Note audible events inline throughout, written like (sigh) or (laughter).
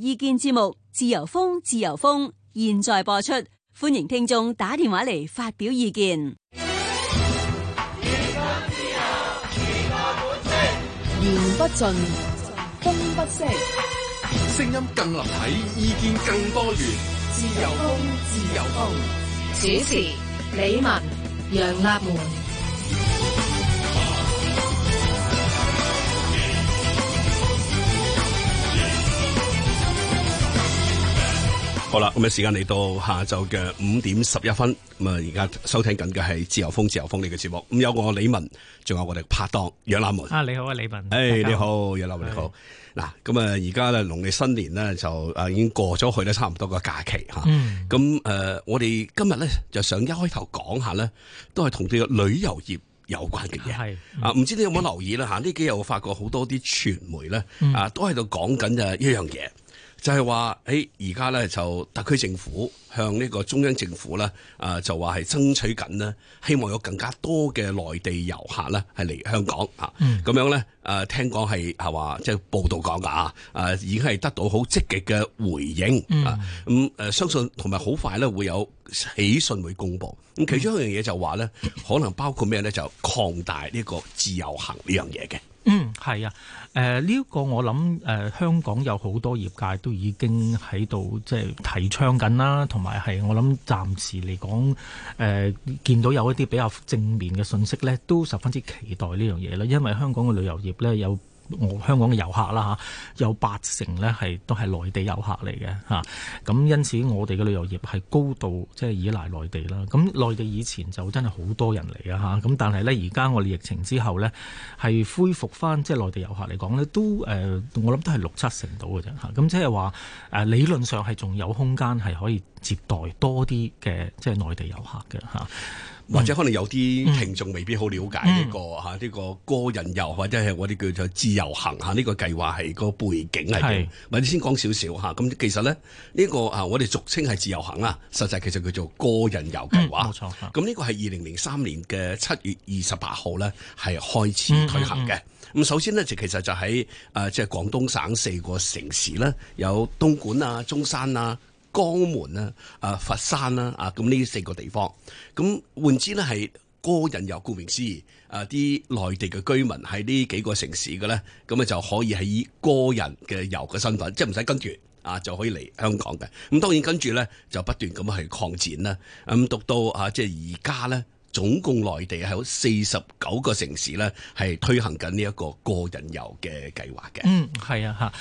意見節目，自由風，自由風，現在播出，歡迎聽眾打電話嚟發表意見。言不盡，風不息，聲音更立體，意見更多元。自由風，自由風。主持：李文、楊立門。好啦，咁嘅時間嚟到下晝嘅五點十一分，咁啊而家收聽緊嘅係自由風自由風你嘅節目，咁有我李文，仲有我哋拍檔楊立文。啊，你好啊，李文。誒 Hey,，你好，楊立文，你好。嗱是，咁啊，而家咧農曆新年咧就、啊、已經過咗去啦，差唔多個假期吓。咁誒、嗯啊，我哋今日咧就想一開頭講下咧，都係同呢個旅遊業有關嘅嘢。係、嗯、啊，唔知你有冇留意啦吓？呢、啊、幾日我發覺好多啲傳媒咧、嗯、啊，都喺度講緊嘅一樣嘢。就係話，誒而家咧就特區政府向呢個中央政府咧，啊、呃、就話係爭取緊呢，希望有更加多嘅內地遊客咧係嚟香港啊，咁樣咧，誒、呃、聽講係係話即係報道講噶啊，誒已經係得到好積極嘅回應啊，咁、嗯、誒、嗯呃、相信同埋好快咧會有喜訊會公布，咁其中一樣嘢就話咧，可能包括咩咧，就擴大呢個自由行呢樣嘢嘅。嗯，係啊，誒、呃、呢、呢個我諗誒、呃、香港有好多業界都已經喺度即係提倡緊啦，同埋係我諗暫時嚟講誒見到有一啲比較正面嘅信息呢，都十分之期待呢樣嘢啦，因為香港嘅旅遊業呢，有。.我香港嘅遊客啦吓，有八成呢係都係內地遊客嚟嘅吓，咁因此我哋嘅旅遊業係高度即係依賴內地啦。咁內地以前就真係好多人嚟㗎吓。咁但係呢，而家我哋疫情之後呢，係恢復翻即係內地遊客嚟講呢，都誒，我諗都係六七成到嘅啫吓。咁即係話誒理論上係仲有空間係可以接待多啲嘅即係內地遊客嘅吓。或者可能有啲聽眾未必好了解呢、這個嚇呢、嗯啊這個個人遊或者係我哋叫做自由行嚇呢、啊這個計劃係個背景嚟嘅，是或者先講少少嚇。咁、啊、其實咧，呢、這個啊我哋俗稱係自由行啊，實際其實叫做個人遊計劃。冇、嗯、錯，咁呢個係二零零三年嘅七月二十八號咧，係開始推行嘅。咁、嗯嗯嗯、首先呢，就其實就喺啊即係廣東省四個城市咧，有東莞啊、中山啊。江門啦、啊佛山啦、啊咁呢四個地方，咁換之咧係個人遊，顧名思義，啊啲內地嘅居民喺呢幾個城市嘅咧，咁啊就可以係以個人嘅遊嘅身份，即係唔使跟團，啊就可以嚟香港嘅。咁當然跟住咧就不斷咁去擴展啦。咁讀到啊，即係而家咧。總共內地係有四十九個城市咧，係推行緊呢一個個人遊嘅計劃嘅。嗯，係啊，嚇。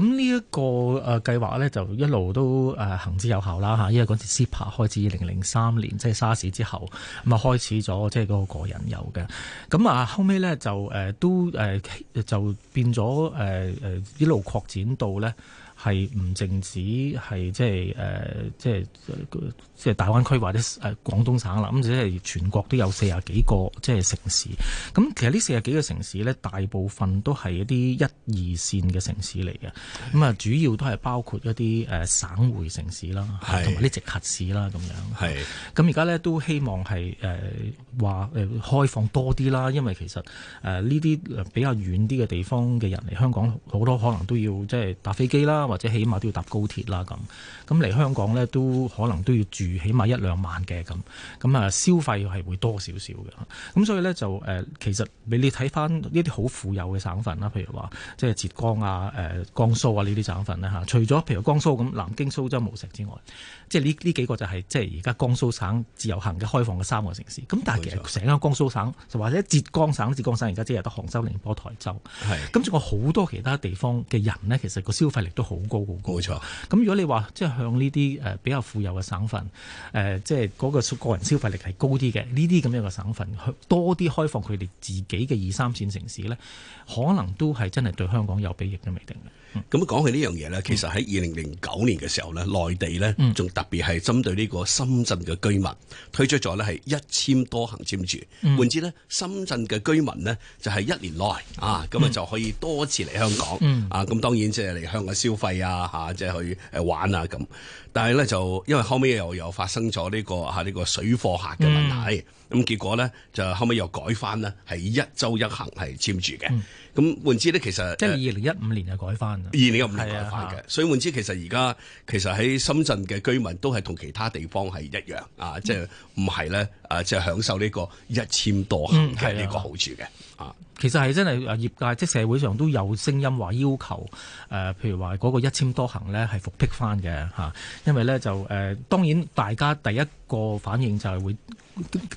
咁呢一個誒計劃咧，就一路都誒行之有效啦，嚇。因為嗰陣時 CEPA 開始二零零三年，即係沙士之後，咁啊開始咗即係嗰個個人遊嘅。咁啊後尾咧就誒都誒就變咗誒誒一路擴展到咧。係唔淨止係即係誒，即係即係大灣區或者誒廣東省啦，咁即係全國都有四十幾個即係城市。咁其實呢四十幾個城市咧，大部分都係一啲一二線嘅城市嚟嘅。咁啊是，主要都係包括一啲、呃、省會城市啦，同埋呢直轄市啦咁樣。咁而家咧都希望係誒話誒開放多啲啦，因為其實誒呢啲比較遠啲嘅地方嘅人嚟香港，好多可能都要即係搭飛機啦。或者起碼都要搭高鐵啦，咁咁嚟香港咧都可能都要住起碼一兩萬嘅咁，咁啊消費係會多少少嘅。咁所以咧就其實俾你睇翻呢啲好富有嘅省份啦，譬如話即係浙江啊、江蘇啊呢啲省份咧，除咗譬如江蘇咁，南京、蘇州、無錫之外，即係呢呢幾個就係即係而家江蘇省自由行嘅開放嘅三個城市。咁但係其實成個江蘇省就或者浙江省，浙江省而家即係得杭州、寧波、台州。咁仲是有好多其他地方嘅人呢，其實個消費力都好。好高好高。冇錯。咁如果你話即係向呢啲誒比較富有嘅省份，誒即係嗰個個人消費力係高啲嘅，呢啲咁樣嘅省份多啲開放佢哋自己嘅二三線城市咧，可能都係真係對香港有裨益都未定嘅。咁講、嗯、起呢樣嘢咧，其實喺二零零九年嘅時候咧，嗯、內地咧，仲特別係針對呢個深圳嘅居民、嗯、推出咗咧係一簽多行簽住，嗯、換之咧，深圳嘅居民呢就係一年內、嗯、啊咁啊就可以多次嚟香港、嗯、啊，咁當然即係嚟香港消費啊即係、啊就是、去玩啊咁。但係咧就因為後尾又又發生咗呢、這個嚇呢、啊這個水貨客嘅問題，咁、嗯、結果咧就後尾又改翻呢係一周一行係簽住嘅。咁、嗯、換之咧其實即係二零一五年就改翻。二年又唔明白嘅，所以換言之其，其實而家其實喺深圳嘅居民都係同其他地方係一樣、嗯、啊，即係唔係咧啊，即、就、係、是、享受呢個一簽多行嘅呢個好處嘅。嗯啊、其實係真係啊，業界即係社會上都有聲音話要求誒、呃，譬如話嗰個一簽多行咧係復辟返嘅吓，因為咧就誒、呃，當然大家第一個反應就係會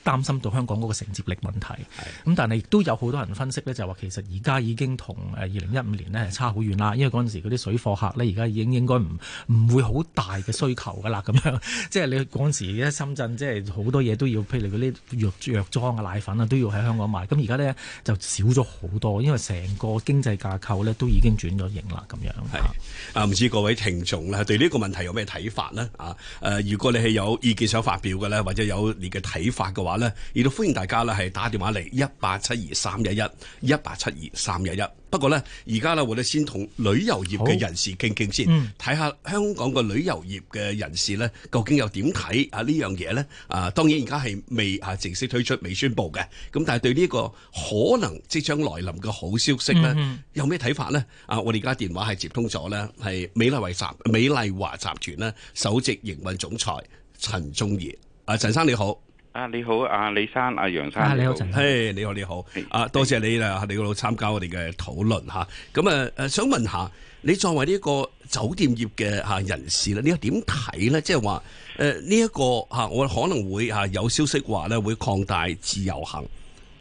擔心到香港嗰個承接力問題。咁的但係亦都有好多人分析咧，就話其實而家已經同誒二零一五年咧係差好遠啦，因為嗰陣時嗰啲水貨客咧而家已經應該唔唔會好大嘅需求㗎啦，咁 (laughs) 樣即係你嗰陣時咧深圳即係好多嘢都要，譬如嗰啲藥藥妝啊、奶粉啊都要喺香港買，咁而家咧就少咗好多，因為成個經濟架構咧都已經轉咗型啦，咁樣。係啊，唔知各位聽眾咧對呢個問題有咩睇法呢？啊，誒，如果你係有意見想發表嘅咧，或者有你嘅睇法嘅話呢，亦都歡迎大家呢係打電話嚟一八七二三一一一八七二三一一。不過咧，而家咧，我哋先同旅遊業嘅人士傾傾先，睇下、嗯、香港嘅旅遊業嘅人士咧，究竟又點睇啊呢樣嘢咧？啊，當然而家係未啊正式推出、未宣佈嘅。咁但係對呢個可能即將來臨嘅好消息咧，有咩睇法咧？啊，我哋而家電話係接通咗咧，係美麗華集、美麗華集團咧首席營運總裁陳宗彝。啊，陳生你好。啊，你好，李生，阿楊生，你好，陳，嘿，你好，你好，啊，Hey. 多謝你啦，你嚟參加我哋嘅討論吓，咁啊，想問下你作為呢個酒店業嘅吓人士咧，你又點睇咧？即係話，誒、呃，呢、這、一個吓、啊，我可能會吓有消息話咧會擴大自由行，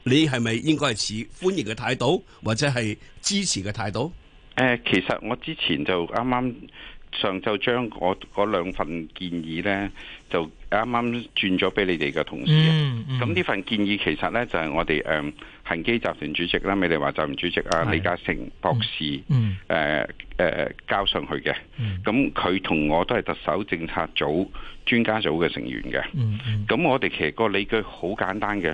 你係咪應該係持歡迎嘅態度，或者係支持嘅態度？誒，其實我之前就啱啱上晝將我嗰兩份建議咧。就啱啱轉咗俾你哋嘅同事。咁呢、嗯嗯、份建議其實呢，就係、是、我哋誒恆基集團主席啦，美麗華集團主席啊，是李家誠博士、嗯呃呃、交上去嘅。咁佢同我都係特首政策組專家組嘅成員嘅。咁、嗯嗯、我哋其實個理據好簡單嘅。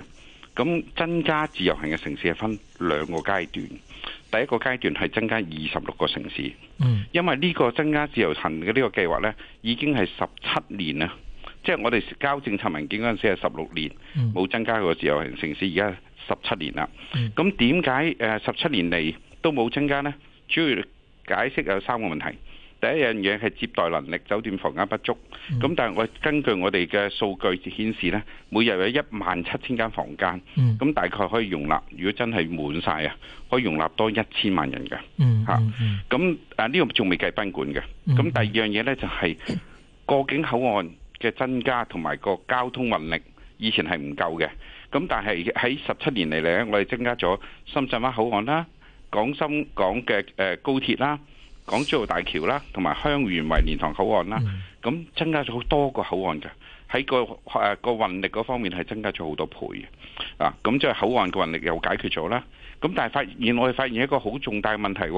咁增加自由行嘅城市係分兩個階段，第一個階段係增加二十六個城市。嗯、因為呢個增加自由行嘅呢個計劃呢已經係十七年啦。即係我哋交政策文件嗰陣時係十六年冇、嗯、增加個自由行城市，現在是17，而家十七年啦。咁點解誒十七年嚟都冇增加呢？主要解釋有三個問題。第一樣嘢係接待能力，酒店房間不足。咁、嗯、但係我根據我哋嘅數據顯示呢，每日有一萬七千間房間，咁、嗯、大概可以容納，如果真係滿晒啊，可以容納多一千萬人嘅。吓，咁誒呢個仲未計賓館嘅。咁、嗯、第二樣嘢呢、就是，就係過境口岸。嘅增加同埋個交通運力以前係唔夠嘅，咁但係喺十七年嚟咧，我哋增加咗深圳灣口岸啦、廣深港嘅誒高鐵啦、港珠澳大橋啦，同埋香園圍蓮塘口岸啦，咁增加咗好多個口岸嘅，喺個誒個、呃、運力嗰方面係增加咗好多倍嘅，啊，咁即係口岸嘅運力又解決咗啦。咁但係發現我哋發現一個好重大問題，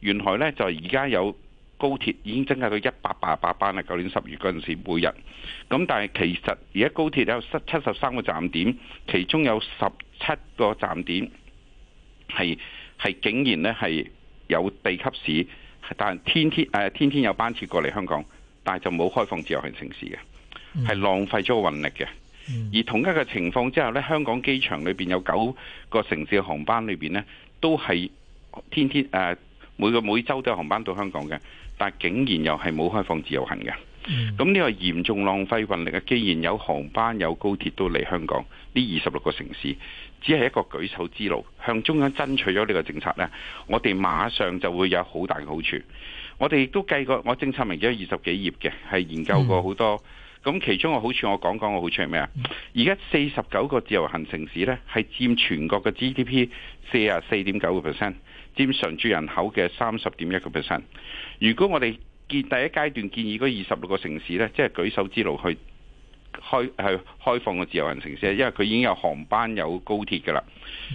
原來咧就而家有。高鐵已經增加到一百八十八班啦！舊年十月嗰陣時，每日咁，但係其實而家高鐵都有七七十三個站點，其中有十七個站點係係竟然咧係有地級市，但係天天誒、呃、天天有班次過嚟香港，但係就冇開放自由行城市嘅，係浪費咗個運力嘅。而同一個情況之下，呢香港機場裏邊有九個城市嘅航班裏邊呢，都係天天誒、呃、每個每週都有航班到香港嘅。但竟然又係冇開放自由行嘅，咁呢、嗯、個嚴重浪費運力嘅。既然有航班、有高鐵都嚟香港，呢二十六個城市只係一個舉手之勞。向中央爭取咗呢個政策呢，我哋馬上就會有好大嘅好處。我哋亦都計過，我政策文咗二十幾頁嘅，係研究過好多。咁、嗯、其中個好處我講講，我講講好處係咩啊？而家四十九個自由行城市呢，係佔全國嘅 GDP 四啊四點九個 percent。佔常住人口嘅三十點一個 percent。如果我哋建第一階段建議嗰二十六個城市咧，即係舉手之勞去開係開放個自由行城市，因為佢已經有航班、有高鐵噶啦，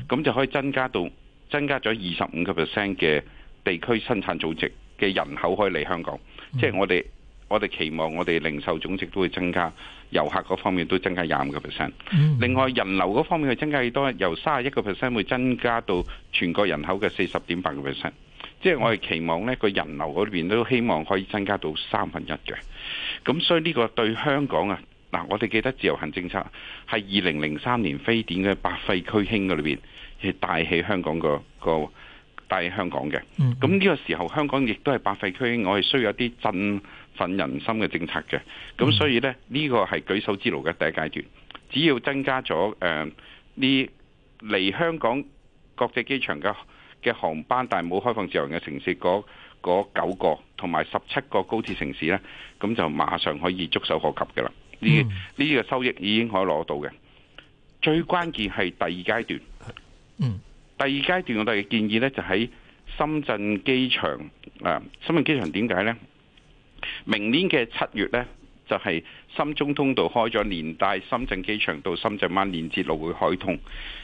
咁就可以增加到增加咗二十五個 percent 嘅地區生產組織嘅人口可以嚟香港，即係我哋。我哋期望我哋零售總值都會增加，遊客嗰方面都增加廿五個 percent。另外人流嗰方面會增加幾多？由三十一個 percent 會增加到全國人口嘅四十點八個 percent。即係我哋期望呢個人流嗰邊都希望可以增加到三分一嘅。咁所以呢個對香港啊，嗱，我哋記得自由行政策係二零零三年非典嘅百廢俱興嗰裏邊係帶起香港個個帶起香港嘅。咁呢個時候香港亦都係百廢俱興，我哋需要一啲振。振奮人心嘅政策嘅，咁所以咧，呢個係舉手之勞嘅第一階段，只要增加咗誒呢嚟香港國際機場嘅嘅航班，但係冇開放自由行嘅城市嗰嗰九個同埋十七個高鐵城市咧，咁就馬上可以觸手可及嘅啦。呢、呢、這個收益已經可以攞到嘅，最關鍵係第二階段。第二階段我哋嘅建議咧就喺深圳機場啊、呃，深圳機場點解咧？明年嘅七月呢，就係、是、深中通道開咗，連帶深圳機場到深圳灣連接路會開通，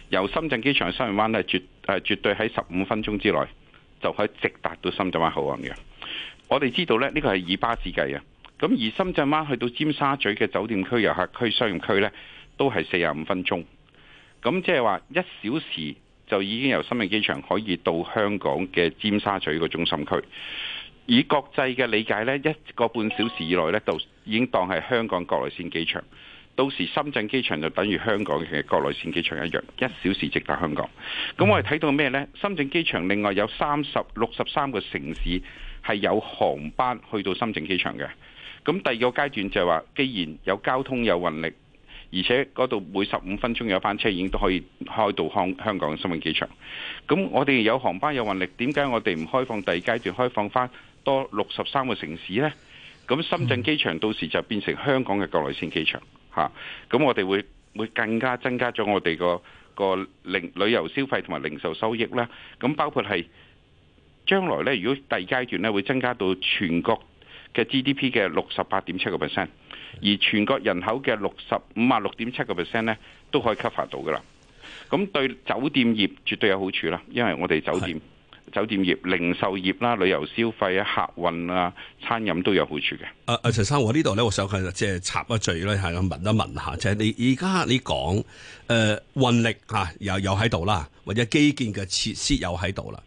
由深圳機場、深圳灣呢絕誒絕對喺十五分鐘之內，就可以直達到深圳灣口岸嘅。我哋知道呢，呢個係以巴之計啊。咁而深圳灣去到尖沙咀嘅酒店區、遊客區、商業區呢，都係四十五分鐘。咁即係話一小時就已經由深圳機場可以到香港嘅尖沙咀個中心區。以國際嘅理解呢，一個半小時以內呢，就已經當係香港國內線機場。到時深圳機場就等於香港嘅國內線機場一樣，一小時直達香港。咁我哋睇到咩呢？深圳機場另外有三十六十三個城市係有航班去到深圳機場嘅。咁第二個階段就係話，既然有交通有運力，而且嗰度每十五分鐘有班車，已經都可以開到香香港嘅深圳機場。咁我哋有航班有運力，點解我哋唔開放第二階段開放翻？多六十三個城市呢，咁深圳機場到時就變成香港嘅國內線機場，吓、啊，咁我哋會會更加增加咗我哋個、那個零旅遊消費同埋零售收益啦，咁包括係將來呢，如果第二階段呢會增加到全國嘅 GDP 嘅六十八點七個 percent，而全國人口嘅六十五萬六點七個 percent 呢，都可以 cover 到噶啦，咁對酒店業絕對有好處啦，因為我哋酒店。酒店業、零售業啦、旅遊消費、客運啊、餐飲都有好處嘅。誒誒、呃，陳生，我呢度咧，我想先即係插一句咧，係問一問一下就係、是、你而家你講誒、呃、運力嚇、啊、又有喺度啦，或者基建嘅設施又喺度啦。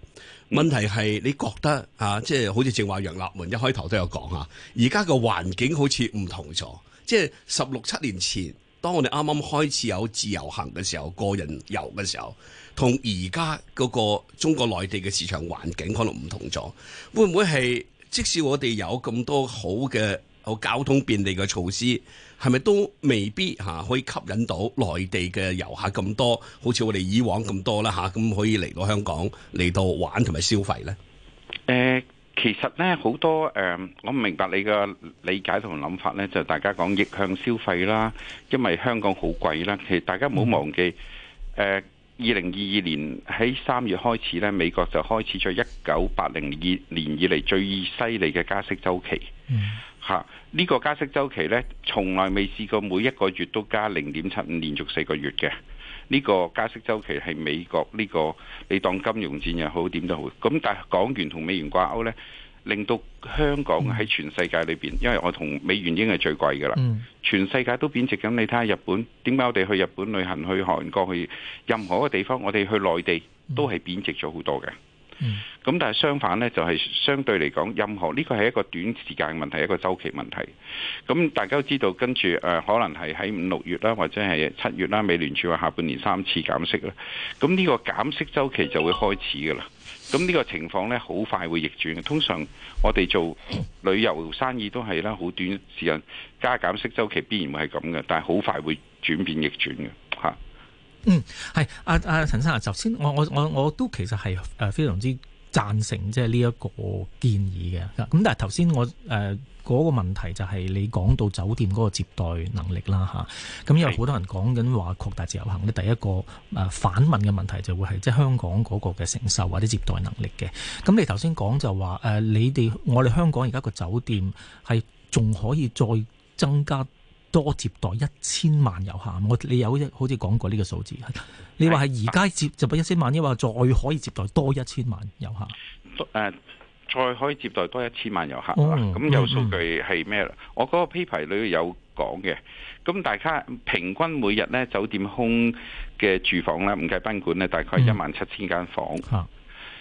問題係你覺得嚇，即、啊、係、就是、好似正話楊立門一開頭都有講嚇，而家嘅環境好似唔同咗，即係十六七年前。當我哋啱啱開始有自由行嘅時候，個人遊嘅時候，同而家嗰個中國內地嘅市場環境可能唔同咗，會唔會係即使我哋有咁多好嘅好交通便利嘅措施，係咪都未必嚇、啊、可以吸引到內地嘅遊客咁多？好似我哋以往咁多啦嚇，咁、啊、可以嚟到香港嚟到玩同埋消費呢？誒。呃其實咧好多誒，我唔明白你嘅理解同諗法咧，就大家講逆向消費啦，因為香港好貴啦。其實大家唔好忘記誒，二零二二年喺三月開始咧，美國就開始咗一九八零年年以嚟最犀利嘅加息週期嚇。呢、嗯、個加息週期咧，從來未試過每一個月都加零點七五，連續四個月嘅。呢個加息週期係美國呢個，你當金融戰又好點都好。咁但係港元同美元掛鈎呢，令到香港喺全世界裏邊，因為我同美元已經係最貴㗎啦。全世界都貶值緊，你睇下日本，點解我哋去日本旅行、去韓國、去任何一個地方，我哋去內地都係貶值咗好多嘅。咁、嗯、但係相反呢，就係、是、相對嚟講，任何呢、這個係一個短時間嘅問題，一個周期問題。咁、嗯、大家都知道，跟住誒，可能係喺五六月啦，或者係七月啦，美聯儲話，下半年三次減息啦，咁、嗯、呢、這個減息周期就會開始噶啦。咁、嗯、呢、這個情況呢，好快會逆轉嘅。通常我哋做旅遊生意都係啦，好短時間加減息周期必然會係咁嘅，但係好快會轉變逆轉嘅。嗯，係阿阿陳生啊，頭先我我我我都其實係誒非常之贊成即係呢一個建議嘅。咁但係頭先我誒嗰個問題就係你講到酒店嗰個接待能力啦，吓，咁因為好多人講緊話擴大自由行咧，第一個誒反問嘅問題就會係即係香港嗰個嘅承受或者接待能力嘅。咁你頭先講就話誒你哋我哋香港而家個酒店係仲可以再增加？多接待一千萬遊客，我你有好似講過呢個數字，是你話係而家接就畀一千萬，亦話再可以接待多一千萬遊客，誒、呃，再可以接待多一千萬遊客咁、哦、有數據係咩啦？嗯嗯、我嗰個批牌裏有講嘅，咁大家平均每日咧酒店空嘅住房呢，唔計賓館呢，大概一萬七千間房，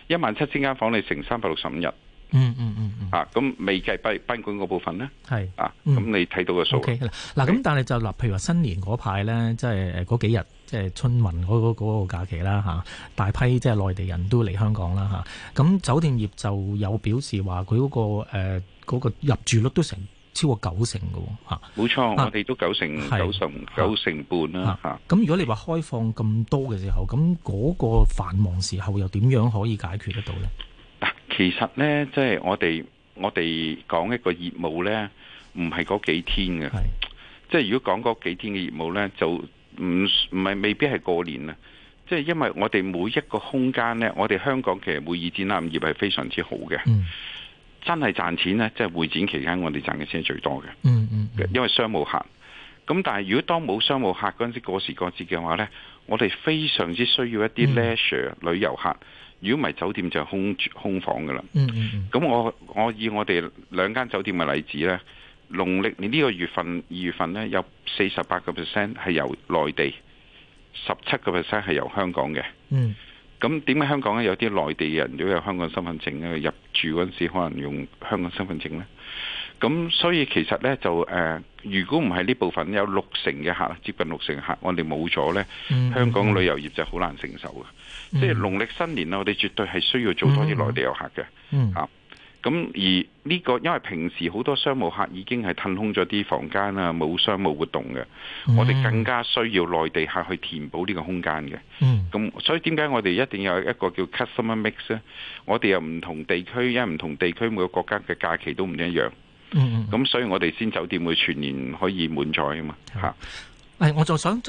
一、嗯、萬七千間房、啊、你乘三百六十五日。嗯嗯嗯，咁未計賓賓館嗰部分咧，係、嗯、啊，咁你睇到嘅數。嗱、okay. 啊，嗱，咁但係就嗱，譬如話新年嗰排咧，即係嗰幾日，即、就、係、是、春運嗰個嗰個假期啦，吓、啊、大批即係內地人都嚟香港啦，吓、啊、咁酒店業就有表示話佢嗰個誒嗰、呃嗰個入住率都成超過九成㗎，吓，冇錯，我哋都九成九成九成半啦，吓、啊、咁、啊、如果你話開放咁多嘅時候，咁嗰個繁忙時候又點樣可以解決得到咧？其實呢，即係我哋我哋講一個業務呢，唔係嗰幾天嘅。是即係如果講嗰幾天嘅業務呢，就唔唔係未必係過年啊。即係因為我哋每一個空間呢，我哋香港其實會議展覽業係非常之好嘅。嗯、真係賺錢呢，即係會展期間我哋賺嘅錢係最多嘅。嗯，嗯嗯，因為商務客。咁但係如果當冇商務客嗰陣時，過時過節嘅話呢，我哋非常之需要一啲 leisure、嗯、旅遊客。如果唔係酒店就係空空房嘅啦、嗯。嗯，咁我我以我哋兩間酒店嘅例子呢，農曆年呢、呢個月份二月份呢，有四十八個 percent 係由內地，十七個 percent 係由香港嘅。嗯。咁點解香港呢，有啲內地人如果有香港身份證咧，入住嗰陣時候可能用香港身份證呢？咁所以其實呢，就誒、呃，如果唔係呢部分有六成嘅客，接近六成客，我哋冇咗呢，香港旅遊業就好難承受嘅。嗯嗯嗯即係農曆新年我哋絕對係需要做多啲內地遊客嘅，咁、嗯嗯啊、而呢、呢個因為平時好多商務客已經係騰空咗啲房間啦，冇商務活動嘅，嗯、我哋更加需要內地客去填補呢個空間嘅，咁、嗯啊、所以點解我哋一定要有一個叫 customer mix 呢？我哋又唔同地區，因為唔同地區每個國家嘅假期都唔一樣，咁、嗯嗯啊、所以我哋先酒店會全年可以滿載啊嘛，吓、嗯。啊誒，我再想，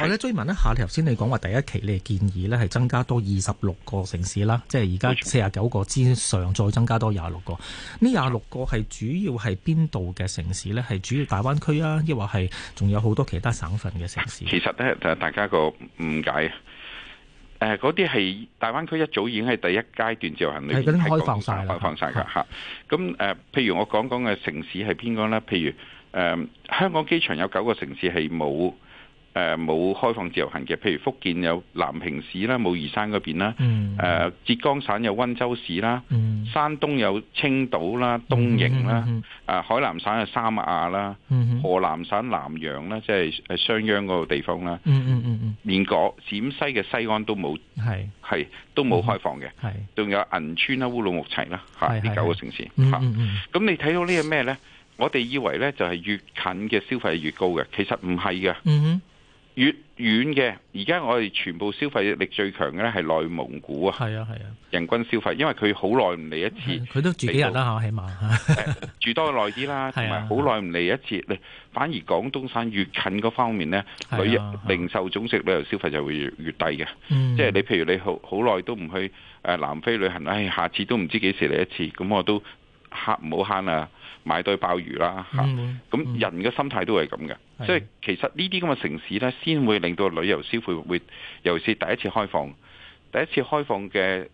我咧追問一下，你頭先你講話第一期，你嘅建議呢係增加多二十六個城市啦，即係而家四十九個之上，再增加多廿六個。呢廿六個係主要係邊度嘅城市呢？係主要大灣區啊，抑或係仲有好多其他省份嘅城市？其實呢，大家個誤解啊。嗰啲係大灣區一早已經係第一階段就係你嗰啲開放晒，開放晒。咁誒、啊啊啊，譬如我講講嘅城市係邊個呢？譬如。誒，香港機場有九個城市係冇誒冇開放自由行嘅，譬如福建有南平市啦，武夷山嗰邊啦，誒，浙江省有温州市啦，山東有青島啦、東營啦，誒，海南省有三亞啦，河南省南陽啦，即係誒商鞅嗰個地方啦，嗯嗯嗯嗯，連個陝西嘅西安都冇，係係都冇開放嘅，係，仲有銀川啦、烏魯木齊啦，吓，呢九個城市，吓，咁你睇到呢個咩咧？我哋以為呢就係越近嘅消費越高嘅，其實唔係嘅。嗯、哼越遠嘅，而家我哋全部消費力最強嘅呢係內蒙古啊。係啊。係啊，係啊。人均消費，因為佢好耐唔嚟一次，佢都住幾日啦嚇、起碼、住多耐啲啦，同埋好耐唔嚟一次、啊、反而廣東省越近嗰方面呢，佢、啊啊、零售總值旅遊消費就會越低嘅。嗯、即係你譬如你好好耐都唔去南非旅行，唉、哎，下次都唔知幾時嚟一次，咁我都。客唔好慳啊！買對鮑魚啦嚇，咁、mm hmm. 啊、人嘅心態都係咁嘅，mm hmm. 所以其實呢啲咁嘅城市呢，先會令到旅遊消費會，會，尤其是第一次開放、第一次開放嘅誒、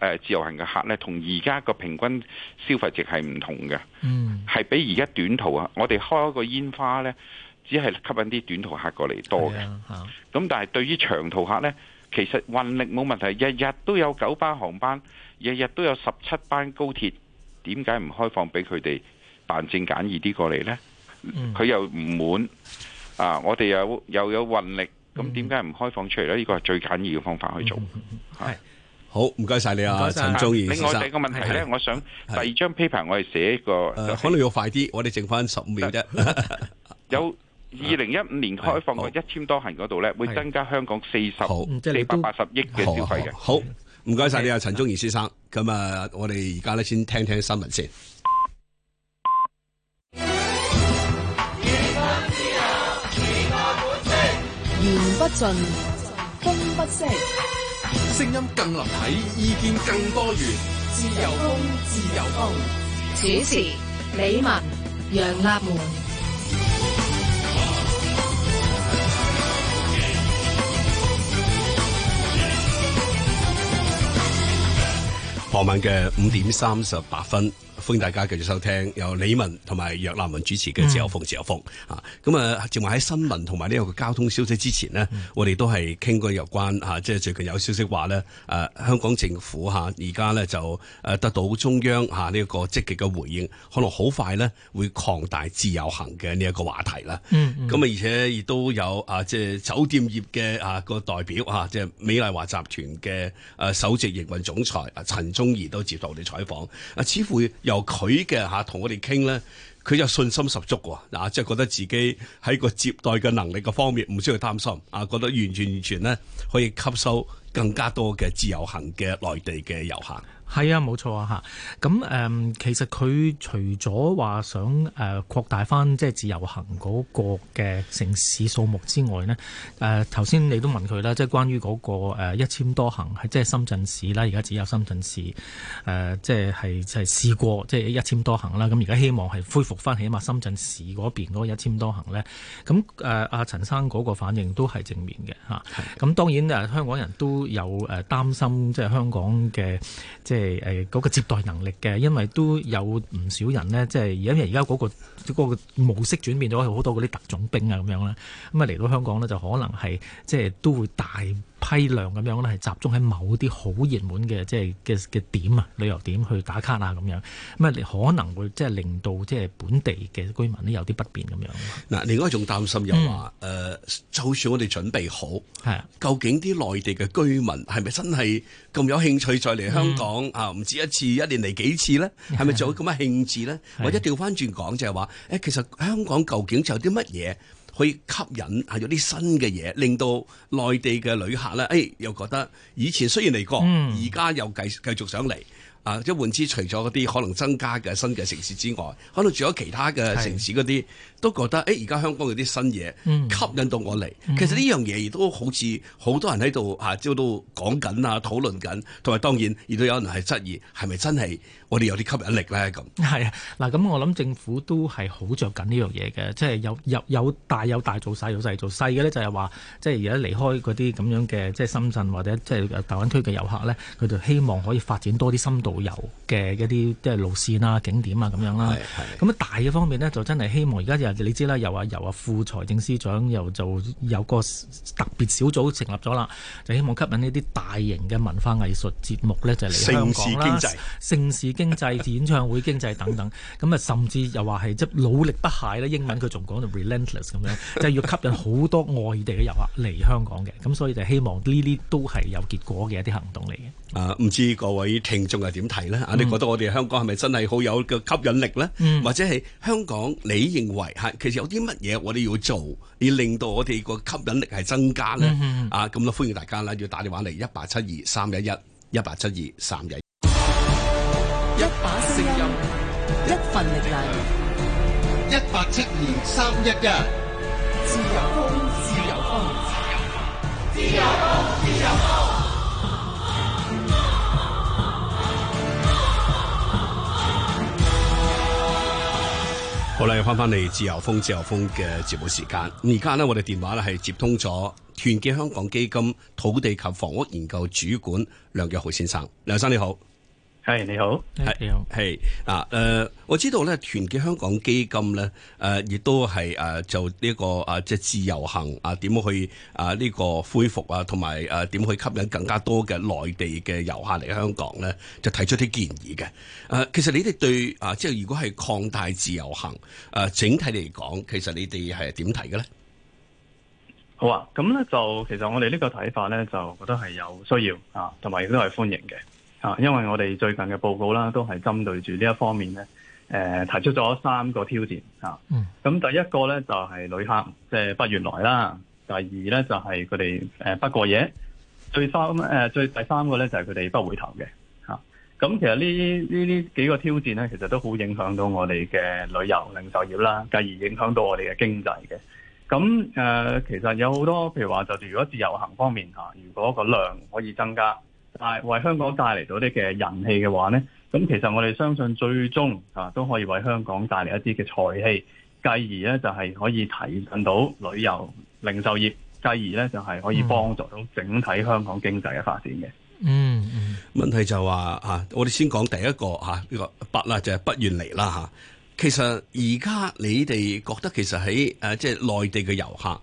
呃、自由行嘅客呢，同而家個平均消費值係唔同嘅，係、mm hmm. 比而家短途啊。我哋開一個煙花呢，只係吸引啲短途客過嚟多嘅嚇。咁、mm hmm. 但係對於長途客呢，其實運力冇問題，日日都有九班航班，日日都有十七班高鐵。點解唔開放俾佢哋辦證簡易啲過嚟咧？佢又唔滿啊！我哋又又有運力，咁點解唔開放出嚟咧？呢個係最簡易嘅方法去做。係好，唔該晒你啊，陳宗彝先生。另外第二個問題咧，我想第二張 paper 我哋寫個，可能要快啲。我哋剩翻十五秒啫。有二零一五年開放個一千多行嗰度咧，會增加香港四十即係四百八十億嘅消費嘅。好。唔該晒你啊，陳是宗彝先生。咁啊是，我哋而家咧先聽聽新聞先。言不盡，風不息，聲音更立體，意見更多元。自由風，自由風。主持：李文、楊立門。傍晚嘅五點三十八分。歡迎大家繼續收聽由李文同埋約南文主持嘅自由風自由風啊！咁啊，正話喺新聞同埋呢個交通消息之前呢，嗯、我哋都係傾過有關啊，即係最近有消息話呢，誒、啊，香港政府吓而家呢，啊、就誒得到中央吓呢一個積極嘅回應，可能好快呢會擴大自由行嘅呢一個話題啦。咁、嗯嗯、啊，而且亦都有啊，即係酒店業嘅啊個代表啊，即係美麗華集團嘅誒、啊、首席營運總裁、啊、陳宗彝都接受我哋採訪啊，似乎。由佢嘅吓同我哋傾咧，佢就信心十足啊，即係覺得自己喺個接待嘅能力嘅方面唔需要擔心，啊，覺得完全完全咧可以吸收更加多嘅自由行嘅內地嘅遊客。係啊，冇錯啊吓，咁誒，其實佢除咗話想誒擴大翻即係自由行嗰個嘅城市數目之外呢，誒頭先你都問佢啦，即係關於嗰個一簽多行，係即係深圳市啦，而家只有深圳市誒、啊，即係係係試過即係、就是、一簽多行啦。咁而家希望係恢復翻，起碼。深圳市嗰邊嗰一簽多行呢，咁誒阿陳生嗰個反應都係正面嘅咁的、啊、當然、啊、香港人都有誒擔心，即係香港嘅即係。誒誒，個接待能力嘅，因為都有唔少人咧，即係因為而家個個模式轉變咗，好多啲特種兵啊咁樣啦，咁啊嚟到香港咧就可能係即係都會大。批量咁樣咧，係集中喺某啲好熱門嘅即係嘅嘅點啊，旅遊點去打卡啊咁樣，咁啊你可能會即係令到即係本地嘅居民咧有啲不便咁樣。嗱，另外一種擔心又話，誒、嗯呃，就算我哋準備好，係啊，究竟啲內地嘅居民係咪真係咁有興趣再嚟香港，嗯、啊？唔止一次，一年嚟幾次咧？係咪有咁嘅興致咧？啊啊、或者調翻轉講就係話，誒，其實香港究竟有啲乜嘢？可以吸引係有啲新嘅嘢，令到內地嘅旅客咧，誒、哎，又覺得以前雖然嚟過，而家又繼繼續上嚟、嗯、啊！即係換之，除咗嗰啲可能增加嘅新嘅城市之外，可能仲有其他嘅城市嗰啲是都覺得誒而家香港有啲新嘢、嗯、吸引到我嚟。其實呢樣嘢亦都好似好多人喺度嚇，朝係都講緊啊、討論緊，同、啊、埋當然亦都有人係質疑係咪真係。我哋有啲吸引力呢。咁係啊嗱，咁我諗政府都係好着緊呢樣嘢嘅，即係有有有大有大做細有細做細嘅咧，就係話即係而家離開嗰啲咁樣嘅即係深圳或者即係大灣區嘅遊客咧，佢就希望可以發展多啲深度遊嘅一啲即係路線啊、景點啊咁樣啦。咁啊是，大嘅方面咧就真係希望而家就你知啦，又話由啊副財政司長又就有個特別小組成立咗啦，就希望吸引呢啲大型嘅文化藝術節目咧就嚟香港啦，盛事經濟，盛事經濟、演唱會、經濟等等，咁啊，甚至又話係即係努力不懈咧。英文佢仲講到 relentless 咁樣，就係要吸引好多外地嘅遊客嚟香港嘅。咁所以就希望呢啲都係有結果嘅一啲行動嚟嘅。啊，唔知各位聽眾係點睇呢？啊、嗯，你覺得我哋香港係咪真係好有個吸引力呢？嗯、或者係香港，你認為係其實有啲乜嘢我哋要做，要令到我哋個吸引力係增加呢？嗯嗯、啊，咁都歡迎大家啦，要打電話嚟一八七二三一一一八七二三一。一把聲音，一份力量。一八七二三一一。自由風，自由風，自由風，自由風。好啦，又翻翻嚟自由風，自由風嘅節目時間。而家呢，我哋電話咧係接通咗團結香港基金土地及房屋研究主管梁躍昊先生。梁生，你好。係、hey, 你好，係你好，係啊，誒、呃，我知道咧，團結香港基金咧，誒、啊，亦都係誒、啊，就呢、這個啊，即係自由行啊，點去啊，呢、這個恢復啊，同埋誒，點、啊、去吸引更加多嘅內地嘅遊客嚟香港咧，就提出啲建議嘅。誒、啊，其實你哋對啊，即係如果係擴大自由行誒、啊，整體嚟講，其實你哋係點睇嘅咧？好啊，咁咧就其實我哋呢個睇法咧，就覺得係有需要啊，同埋亦都係歡迎嘅。啊，因為我哋最近嘅報告啦，都係針對住呢一方面咧，誒提出咗三個挑戰。嗯，咁第一個咧就係旅客即係、就是、不願來啦；第二咧就係佢哋不過夜；最三誒、呃、最第三個咧就係佢哋不回頭嘅。咁其實呢呢呢幾個挑戰咧，其實都好影響到我哋嘅旅遊零售業啦，繼而影響到我哋嘅經濟嘅。咁誒、呃，其實有好多譬如話，就如果自由行方面，如果個量可以增加。但係為香港帶嚟到啲嘅人氣嘅話咧，咁其實我哋相信最終啊都可以為香港帶嚟一啲嘅財氣，繼而咧就係可以提振到旅遊零售業，繼而咧就係可以幫助到整體香港經濟嘅發展嘅、嗯。嗯，嗯問題就話、是、啊，我哋先講第一個吓呢、這個八啦，就係、是、不願嚟啦吓。其實而家你哋覺得其實喺誒即係內地嘅遊客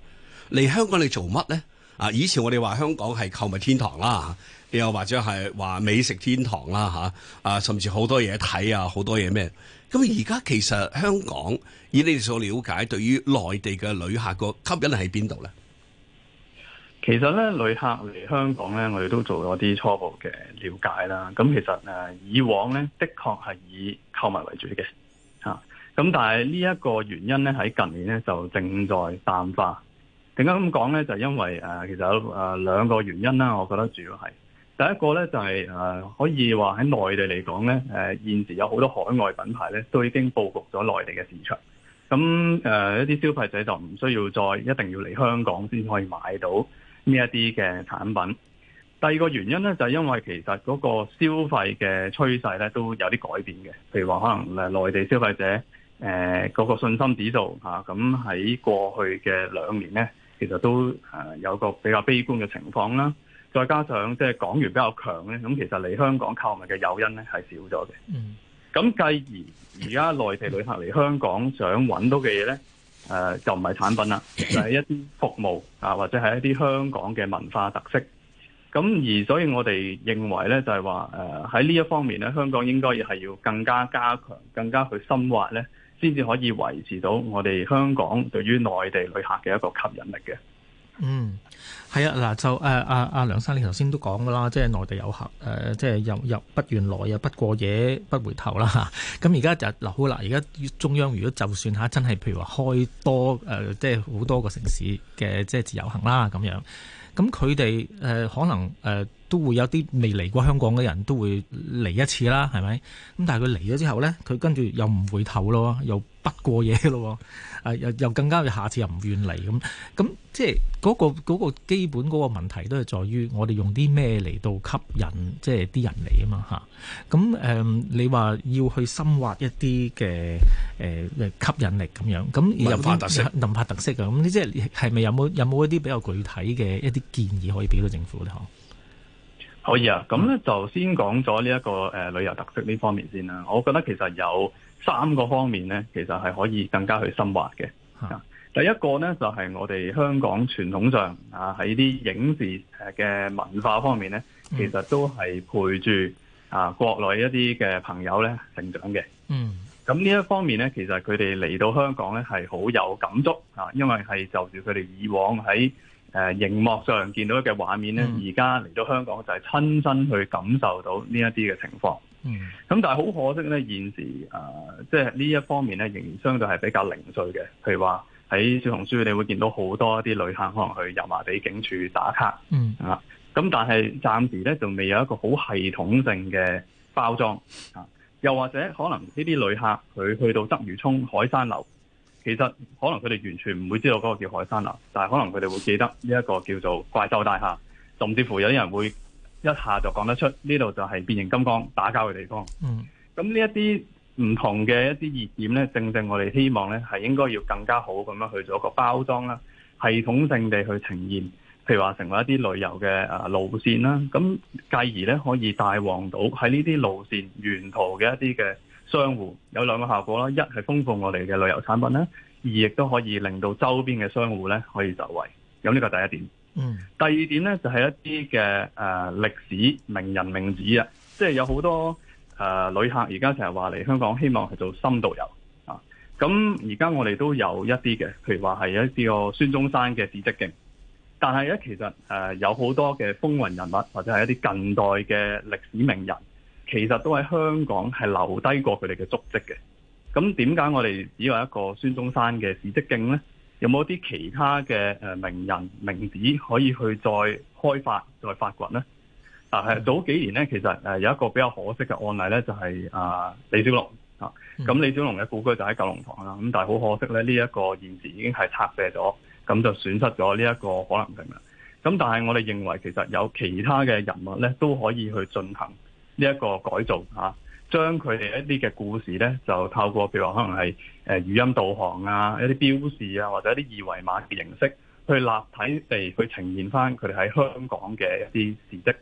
嚟香港嚟做乜咧？啊，以前我哋話香港係購物天堂啦。又或者係話美食天堂啦吓，啊甚至好多嘢睇啊，好多嘢咩？咁而家其實香港以你哋所了解，對於內地嘅旅客個吸引力喺邊度咧？其實咧，旅客嚟香港咧，我哋都做咗啲初步嘅了解啦。咁其實誒，以往咧的確係以購物為主嘅，吓。咁但係呢一個原因咧，喺近年咧就正在淡化。點解咁講咧？就因為誒，其實有誒兩個原因啦。我覺得主要係。第一個咧就係誒可以話喺內地嚟講咧，誒現時有好多海外品牌咧都已經佈局咗內地嘅市場，咁誒一啲消費者就唔需要再一定要嚟香港先可以買到呢一啲嘅產品。第二個原因咧就係因為其實嗰個消費嘅趨勢咧都有啲改變嘅，譬如話可能誒內地消費者誒嗰個信心指數吓，咁喺過去嘅兩年咧，其實都誒有個比較悲觀嘅情況啦。再加上即係港元比較強咧，咁其實嚟香港購物嘅誘因咧係少咗嘅。咁繼而而家內地旅客嚟香港想揾到嘅嘢咧，誒、呃、就唔係產品啦，就係、是、一啲服務啊，或者係一啲香港嘅文化特色。咁而所以我哋認為咧，就係話誒喺呢一方面咧，香港應該係要更加加強、更加去深挖，咧，先至可以維持到我哋香港對於內地旅客嘅一個吸引力嘅。嗯，係啊，嗱就誒，阿、呃、阿梁生你頭先都講㗎啦，即係內地遊客，誒、呃，即係入入不願來，又不過夜，不回頭啦吓。咁而家就嗱好啦，而家中央如果就算吓、啊、真係，譬如話開多誒、呃，即係好多個城市嘅即係自由行啦，咁樣，咁佢哋誒可能誒。呃都會有啲未嚟過香港嘅人都會嚟一次啦，係咪？咁但係佢嚟咗之後咧，佢跟住又唔回頭咯，又不過夜咯，啊又又更加下次又唔願嚟咁。咁即係嗰、嗰個、嗰個、基本嗰個問題都係在於我哋用啲咩嚟到吸引即係啲人嚟啊嘛嚇。咁誒、呃、你話要去深挖一啲嘅誒吸引力咁樣，咁特色，文化特色啊？咁呢即係係咪有冇有冇一啲比較具體嘅一啲建議可以俾到政府咧？可以啊，咁咧就先講咗呢一個、呃、旅遊特色呢方面先啦。我覺得其實有三個方面咧，其實係可以更加去深化嘅、啊。第一個咧就係、是、我哋香港傳統上啊，喺啲影視誒嘅文化方面咧，其實都係陪住啊國內一啲嘅朋友咧成長嘅。嗯，咁呢一方面咧，其實佢哋嚟到香港咧係好有感觸啊，因為係就住佢哋以往喺誒熒、呃、幕上見到嘅畫面咧，而家嚟到香港就係親身去感受到呢一啲嘅情況。咁、嗯、但係好可惜咧，現時誒、呃、即係呢一方面咧，仍然相對係比較零碎嘅。譬如話喺小紅書，你會見到好多啲旅客可能去油麻地警署打卡。嗯、啊，咁但係暫時咧，仲未有一個好系統性嘅包裝。啊，又或者可能呢啲旅客佢去到鰂魚涌海山樓。其實可能佢哋完全唔會知道嗰個叫海山樓，但係可能佢哋會記得呢一個叫做怪獸大廈，甚至乎有啲人會一下就講得出呢度就係變形金剛打交嘅地方。嗯，咁呢一啲唔同嘅一啲熱點呢，正正我哋希望呢係應該要更加好咁樣去做一個包裝啦，系統性地去呈現，譬如話成為一啲旅遊嘅誒路線啦，咁繼而呢，可以帶旺到喺呢啲路線沿途嘅一啲嘅商戶有兩個效果啦，一係豐富我哋嘅旅遊產品啦，二亦都可以令到周邊嘅商戶咧可以就位。咁呢個第一點。嗯。第二點咧就係一啲嘅誒歷史名人名字啊，即係有好多誒旅客而家成日話嚟香港希望去做深度遊啊。咁而家我哋都有一啲嘅，譬如話係一啲個孫中山嘅史蹟徑。但係咧，其實誒有好多嘅風雲人物或者係一啲近代嘅歷史名人。其實都喺香港係留低過佢哋嘅足跡嘅。咁點解我哋只有一個孫中山嘅史跡徑呢？有冇啲其他嘅誒名人名址可以去再開發、再發掘呢？啊，係早幾年呢，其實誒有一個比較可惜嘅案例呢，就係、是、啊李小龍啊。咁、嗯、李小龍嘅故居就喺九龍塘啦。咁但係好可惜咧，呢、這、一個現時已經係拆卸咗，咁就損失咗呢一個可能性啦。咁但係我哋認為其實有其他嘅人物呢，都可以去進行。呢一個改造嚇，將佢哋一啲嘅故事呢，就透過譬如話可能係誒語音導航啊、一啲標示啊，或者一啲二維碼嘅形式，去立體地去呈現翻佢哋喺香港嘅一啲事蹟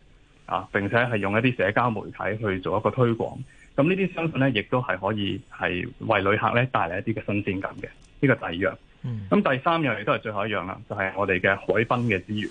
啊，並且係用一啲社交媒體去做一個推廣。咁呢啲相信呢，亦都係可以係為旅客呢帶嚟一啲嘅新鮮感嘅。呢、這個第二樣。咁、嗯、第三樣亦都係最後一樣啦，就係、是、我哋嘅海濱嘅資源。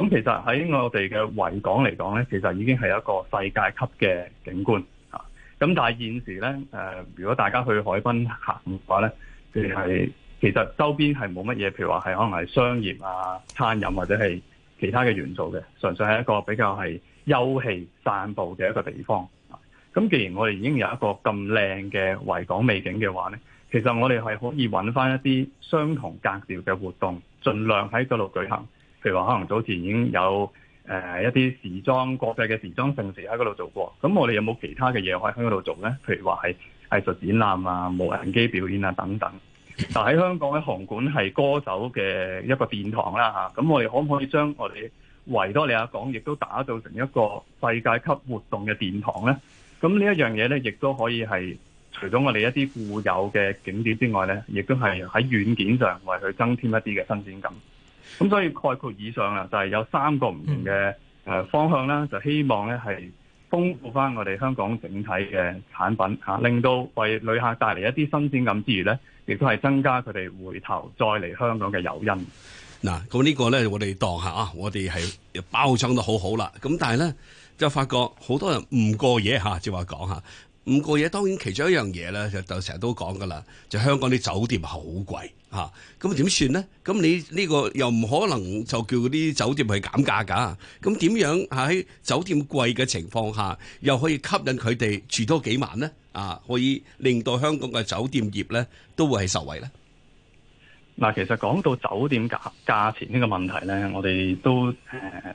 咁其實喺我哋嘅維港嚟講呢，其實已經係一個世界級嘅景觀啊！咁但係現時呢，誒，如果大家去海濱行嘅話呢佢係、即係、其實周邊係冇乜嘢，譬如話係可能係商業啊、餐飲或者係其他嘅元素嘅，純粹係一個比較係休憩散步嘅一個地方。咁既然我哋已經有一個咁靚嘅維港美景嘅話呢，其實我哋係可以揾翻一啲相同格調嘅活動，盡量喺嗰度舉行。譬如話，可能早前已經有、呃、一啲時裝國際嘅時裝盛事喺嗰度做過，咁我哋有冇其他嘅嘢可以喺嗰度做呢？譬如話係藝術展覽啊、無人機表演啊等等。嗱，喺香港嘅紅館係歌手嘅一個殿堂啦、啊、嚇，咁我哋可唔可以將我哋維多利亞港亦都打造成一個世界級活動嘅殿堂呢？咁呢一樣嘢呢，亦都可以係除咗我哋一啲固有嘅景點之外呢，亦都係喺軟件上為佢增添一啲嘅新鮮感。咁所以概括以上啦，就係有三個唔同嘅、誒方向啦，就希望咧係豐富翻我哋香港整體嘅產品吓，令到為旅客帶嚟一啲新鮮感之餘咧，亦都係增加佢哋回頭再嚟香港嘅誘因。嗱、嗯，咁呢個咧我哋當下啊，我哋係包裝得好好啦。咁但係咧就發覺好多人唔過夜。吓，即係話講吓，唔過夜，當然其中一樣嘢咧就就成日都講噶啦，就香港啲酒店好貴。吓，咁點算呢？咁你呢個又唔可能就叫嗰啲酒店去減價噶？咁點樣喺酒店貴嘅情況下，又可以吸引佢哋住多幾晚呢？啊，可以令到香港嘅酒店業呢都會係受惠呢？嗱，其實講到酒店價價錢呢個問題呢，我哋都誒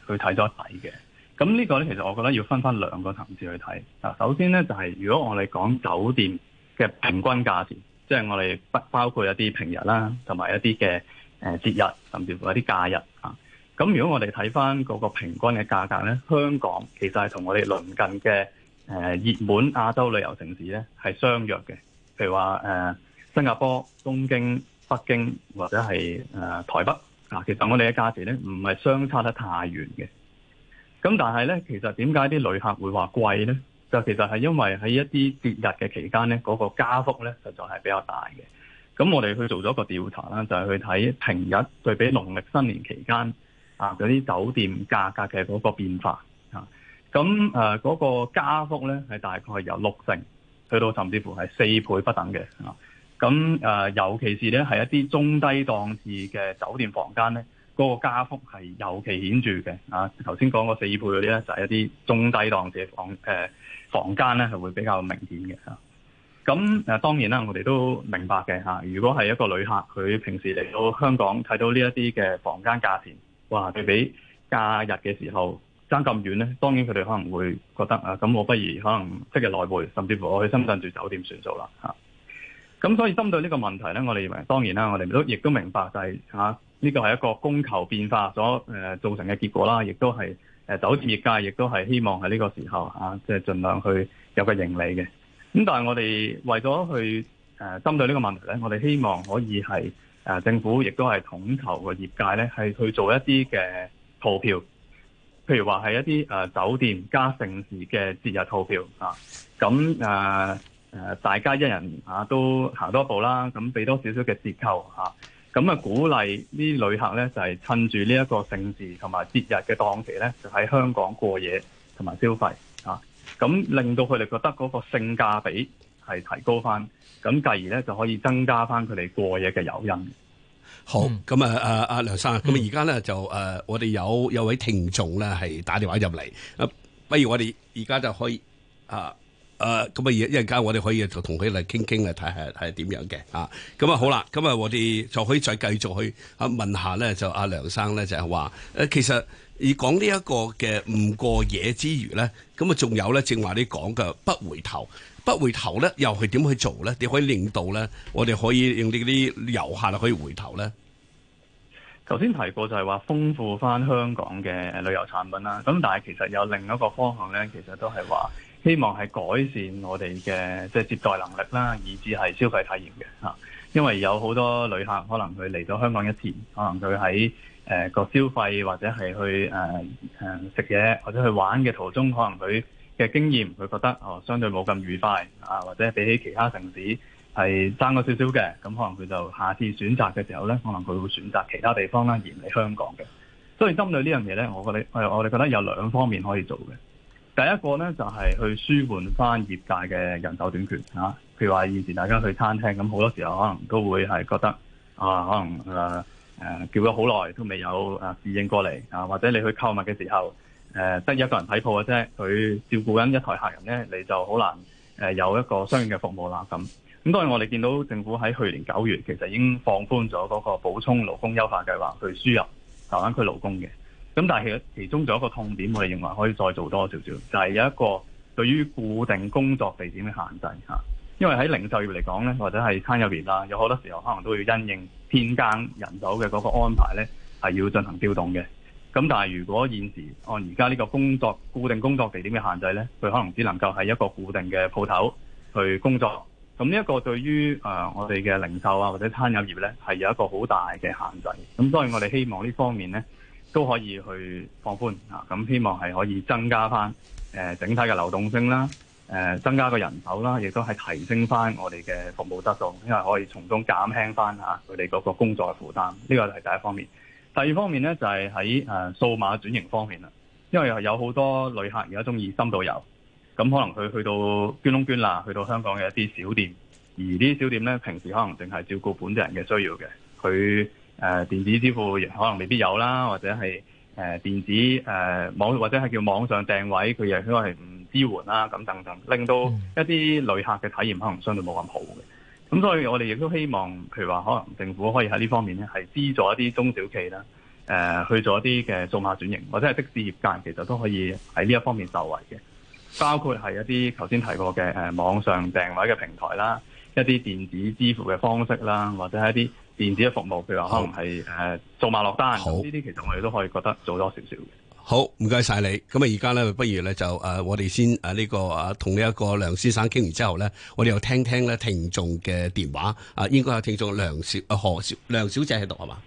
去睇咗睇嘅。咁呢個呢，其實我覺得要分翻兩個層次去睇。啊，首先呢就係如果我哋講酒店嘅平均價錢。即係我哋不包括一啲平日啦，同埋一啲嘅誒節日，甚至乎一啲假日啊。咁如果我哋睇翻嗰個平均嘅價格咧，香港其實係同我哋鄰近嘅誒熱門亞洲旅遊城市咧係相若嘅。譬如話誒、呃、新加坡、東京、北京或者係誒、呃、台北啊，其實我哋嘅價錢咧唔係相差得太遠嘅。咁但係咧，其實點解啲旅客會話貴咧？就其實係因為喺一啲節日嘅期間咧，嗰、嗰個加幅咧實在係比較大嘅。咁我哋去做咗一個調查啦，就係、係、去睇平日對比農曆新年期間啊嗰啲酒店價格嘅嗰個變化啊。咁誒嗰個加幅咧係大概係由六成，去到甚至乎係四倍不等嘅啊。咁誒、呃、尤其是咧係一啲中低檔次嘅酒店房間咧。嗰個加幅係尤其顯著嘅啊！頭先講個四倍嗰啲咧，就係、是、一啲中低檔嘅房誒、呃、房間咧，係會比較明顯嘅嚇。咁、啊、誒、啊、當然啦，我哋都明白嘅嚇、啊。如果係一個旅客，佢平時嚟到香港睇到呢一啲嘅房間價錢，哇，佢比假日嘅時候爭咁遠咧，當然佢哋可能會覺得啊，咁我不如可能即日來回，甚至乎我去深圳住酒店算數啦嚇。咁、啊、所以針對呢個問題咧，我哋認為當然啦，我哋都亦都明白、就是，就係嚇。呢個係一個供求變化所誒造成嘅結果啦，亦都係誒酒店業界亦都係希望喺呢個時候啊，即係盡量去有個盈利嘅。咁但係我哋為咗去誒針、啊、對呢個問題咧，我哋希望可以係誒、啊、政府亦都係統籌個業界咧，係去做一啲嘅套票，譬如話係一啲誒、啊、酒店加城市嘅節日套票啊。咁誒誒，大家一人啊都行多一步啦，咁、啊、俾多少少嘅折扣啊。咁啊，鼓勵啲旅客咧，就係、是、趁住呢一個盛事同埋節日嘅檔期咧，就喺香港過夜同埋消費啊！咁令到佢哋覺得嗰個性價比係提高翻，咁繼而咧就可以增加翻佢哋過夜嘅誘因。好，咁啊啊啊，梁生，咁而家咧就誒、啊，我哋有有位聽眾咧係打電話入嚟、啊，不如我哋而家就可以啊。誒，咁、呃、啊，一一陣間我哋可以就同佢嚟傾傾啊，睇下係點樣嘅啊。咁啊，好啦，咁啊，我哋就可以再繼續去啊問下咧，就阿梁生咧就係話，誒，其實而講呢一個嘅唔過夜之餘咧，咁啊，仲有咧，正話你講嘅不回頭，不回頭咧，又係點去做咧？點可以令到咧，我哋可以用啲啲遊客可以回頭咧？頭先提過就係話豐富翻香港嘅旅遊產品啦，咁但係其實有另一個方向咧，其實都係話。希望係改善我哋嘅即係接待能力啦，以至係消費體驗嘅嚇。因為有好多旅客可能佢嚟咗香港一次，可能佢喺誒個消費或者係去誒誒、呃、食嘢或者去玩嘅途中，可能佢嘅經驗佢覺得哦、呃、相對冇咁愉快啊，或者比起其他城市係爭咗少少嘅，咁可能佢就下次選擇嘅時候呢，可能佢會選擇其他地方啦，而唔嚟香港嘅。所以針對呢樣嘢呢，我覺得我哋覺得有兩方面可以做嘅。第一個咧就係、是、去舒緩翻業界嘅人手短缺嚇，譬如話以前大家去餐廳咁，好多時候可能都會係覺得啊，可能、呃、叫咗好耐都未有啊侍應過嚟啊，或者你去購物嘅時候得、呃、一個人睇鋪嘅啫，佢照顧緊一枱客人咧，你就好難有一個相應嘅服務啦咁。咁當然我哋見到政府喺去年九月其實已經放寬咗嗰個補充勞工優化計劃去輸入台灣區勞工嘅。咁但係其其中仲有一個痛點，我哋認為可以再做多少少，就係有一個對於固定工作地點嘅限制嚇。因為喺零售業嚟講呢，或者係餐飲業啦，有好多時候可能都要因應編更人手嘅嗰個安排呢，係要進行調動嘅。咁但係如果現時按而家呢個工作固定工作地點嘅限制呢，佢可能只能夠係一個固定嘅鋪頭去工作。咁呢一個對於誒我哋嘅零售啊或者餐飲業呢，係有一個好大嘅限制。咁所以我哋希望呢方面呢，都可以去放寬啊！咁希望係可以增加翻誒、呃、整體嘅流動性啦，誒、呃、增加個人手啦，亦、啊、都係提升翻我哋嘅服務質素，因為可以從中減輕翻佢哋嗰個工作嘅負擔。呢、這個係第一方面。第二方面呢，就係喺誒數碼轉型方面啦，因為有好多旅客而家中意深度遊，咁可能佢去，去到捐窿捐罅，去到香港嘅一啲小店，而啲小店呢，平時可能淨係照顧本地人嘅需要嘅，佢。誒電子支付可能未必有啦，或者係誒電子誒網或者係叫網上訂位，佢亦都係唔支援啦，咁等等，令到一啲旅客嘅體驗可能相對冇咁好嘅。咁所以我哋亦都希望，譬如話可能政府可以喺呢方面咧，係資助一啲中小企啦，誒、呃、去做一啲嘅數碼轉型，或者係的士業界其實都可以喺呢一方面受惠嘅，包括係一啲頭先提過嘅誒網上訂位嘅平台啦，一啲電子支付嘅方式啦，或者係一啲，電子嘅服務，譬如話好可能係誒、呃、做埋落單，呢啲好其實我哋都可以覺得做多少少嘅。好，唔該晒你。咁啊，而家咧，不如咧就誒、呃，我哋先誒呢、呃這個啊，同、呃、呢一個梁先生傾完之後咧，我哋又聽聽咧聽眾嘅電話啊、呃，應該有聽眾梁小何小梁小姐喺度係嘛？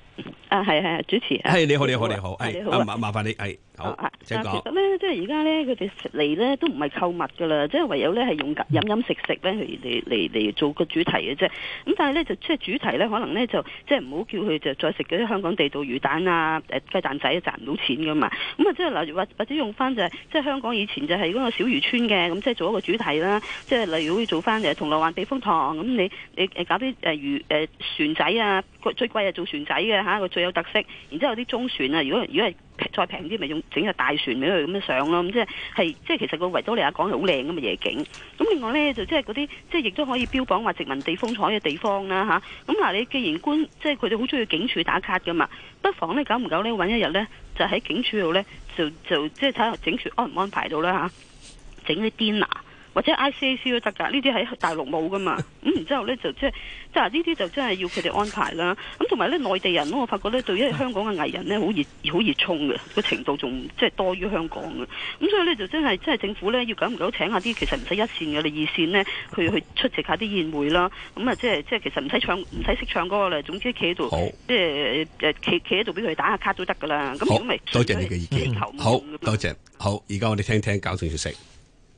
啊，係係主持。係你好，你好，你好。你好。麻麻煩你係。好確其實咧，即係而家咧，佢哋嚟咧都唔係購物噶啦，即係唯有咧係用飲飲食食咧嚟嚟嚟做個主題嘅啫。咁但係咧就即係主題咧，可能咧就即係唔好叫佢就再食嗰啲香港地道魚蛋啊、誒雞蛋仔啊，賺唔到錢噶嘛。咁啊，即係例如或或者用翻就係即係香港以前就係嗰個小漁村嘅咁，即係做一個主題啦。即係例如可以做翻就係銅鑼灣避風塘咁，你你誒搞啲誒漁誒船仔啊，最貴係做船仔嘅嚇，個、啊、最有特色。然之後啲中船啊，如果如果係再平啲咪用整隻大船畀佢咁樣上咯、啊，咁即係即係其實個維多利亞港係好靚噶嘛夜景。咁另外呢，就即係嗰啲即係亦都可以標榜話殖民地風采嘅地方啦、啊、吓。咁、啊、嗱你既然官即係佢哋好中意警署打卡噶嘛，不妨呢，久唔久呢，搵一日呢，就喺警署度呢，就就即係睇下警署安唔安排到啦吓，整啲 d i 或者 ICAC 都得噶，呢啲喺大陸冇噶嘛。咁 (laughs) 然之後咧就即係，即係呢啲就真係要佢哋安排啦。咁同埋咧內地人我發覺咧對於香港嘅藝人咧好熱好熱衷嘅，個程度仲即係多於香港嘅。咁、嗯、所以咧就真係即係政府咧要久唔久請下啲其實唔使一線嘅二線咧去去出席下啲宴會啦。咁、嗯、啊即係即係其實唔使唱唔使識唱歌啦，總之企喺度即係誒企企喺度俾佢打下卡都得噶啦。咁、嗯、好多謝你嘅意見、嗯、好多謝，樣好而家我哋聽聽交通消息。